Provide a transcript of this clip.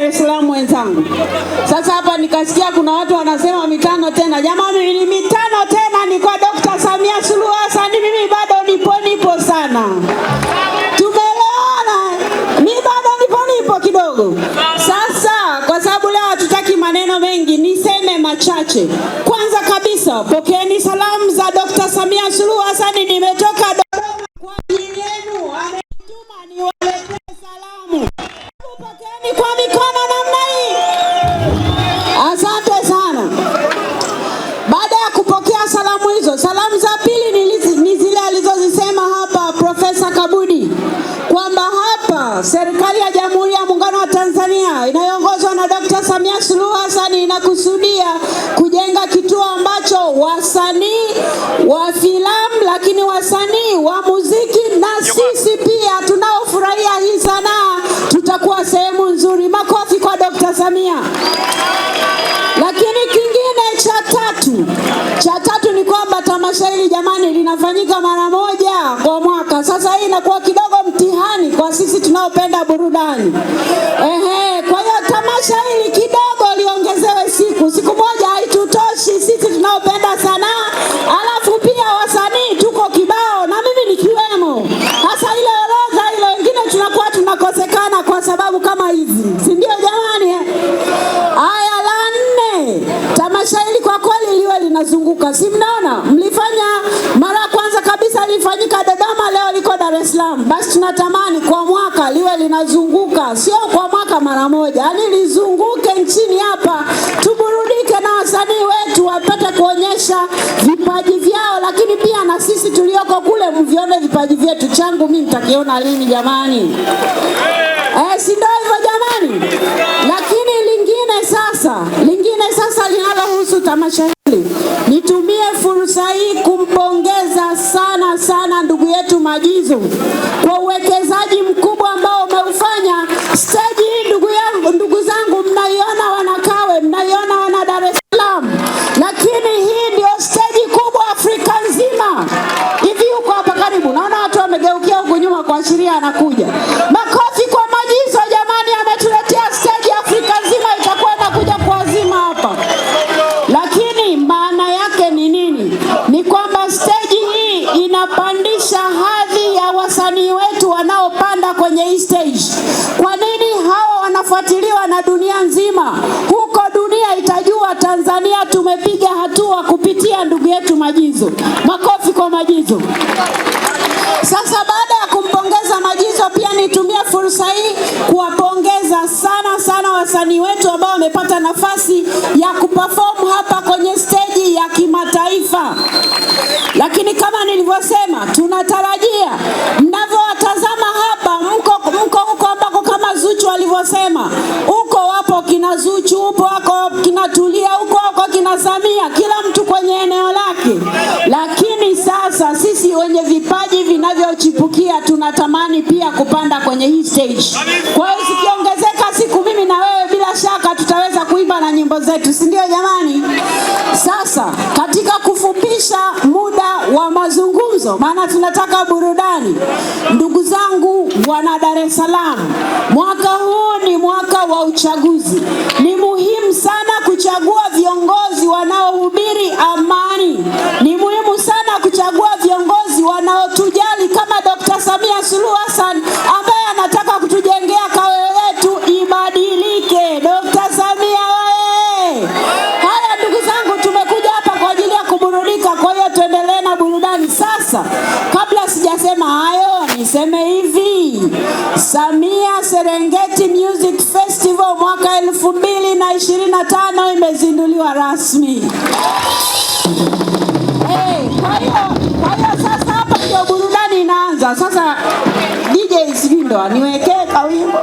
Dar es Salaam wenzangu. Sasa hapa nikasikia kuna watu wanasema mitano tena, jamani, ni mitano tena ni kwa Dr. Samia Suluhu Hassan. Mimi bado nipo nipo sana, tumeona Mi bado nipo nipo kidogo. Sasa kwa sababu leo hatutaki maneno mengi, niseme machache. Kwanza kabisa, pokeeni salamu Serikali ya Jamhuri ya Muungano wa Tanzania inayoongozwa na Dkt. Samia Suluhu Hassan inakusudia kujenga kituo ambacho wasanii wa filamu, lakini wasanii wa muziki na sisi pia tunaofurahia hii sanaa tutakuwa sehemu nzuri. Makofi kwa Dkt. Samia. Lakini kingine cha tatu, cha tatu ni kwamba tamasha hili jamani linafanyika mara moja kwa mwaka. Sasa hii inakuwa kwa sisi tunaopenda burudani. Ehe, kwa hiyo tamasha hili kidogo liongezewe siku, siku moja haitutoshi sisi tunaopenda sanaa, alafu pia wasanii tuko kibao na mimi nikiwemo. Hasa ile orodha ile, wengine tunakuwa tunakosekana kwa sababu kama hizi, si ndio jamani? Eh? Haya, la nne, tamasha hili kwa kweli liwe linazunguka, si mnaona Islam. Basi tunatamani kwa mwaka liwe linazunguka, sio kwa mwaka mara moja, yaani lizunguke nchini hapa, tuburudike na wasanii wetu wapate kuonyesha vipaji vyao, lakini pia na sisi tulioko kule mvione vipaji vyetu. Changu mimi nitakiona lini jamani? Eh, si ndio hivyo jamani? Lakini lingine sasa, lingine sasa linalohusu tamasha hili, nitumie fursa hii kumpongeza serikali yetu majizo kwa uwekezaji mkubwa ambao umeufanya. Steji hii ndugu yangu, ndugu zangu, mnaiona Wanakawe, mnaiona wana Dar es Salaam, lakini hii ndio steji kubwa Afrika nzima. Hivi huko hapa karibu, naona watu wamegeukia huku nyuma kuashiria anakuja wasanii wetu wanaopanda kwenye hii stage? Kwa nini hao wanafuatiliwa na dunia nzima? Huko dunia itajua Tanzania tumepiga hatua kupitia ndugu yetu Majizo. Makofi kwa Majizo. Sasa baada ya kumpongeza Majizo, pia nitumie fursa hii kuwapongeza sana sana wasanii wetu ambao wamepata nafasi ya kuperform alivyosema huko, wapo kina Zuchu, huko wako kina Tulia, huko wako kina Samia, kila mtu kwenye eneo lake. Lakini sasa sisi wenye vipaji vinavyochipukia tunatamani pia kupanda kwenye hii stage. Kwa hiyo zikiongezeka siku, mimi na wewe, bila shaka tutaweza kuimba na nyimbo zetu, si ndio jamani? Kristo, maana tunataka burudani. Ndugu zangu wana Dar es Salaam, mwaka huu ni mwaka wa uchaguzi. niseme hivi, Samia Serengeti Music Festival mwaka elfu mbili na ishirini na tano imezinduliwa rasmi. Hey, kwa hiyo kwa hiyo sasa hapa ndio burudani inaanza sasa. DJ sijui ndo aniwekee kawimbo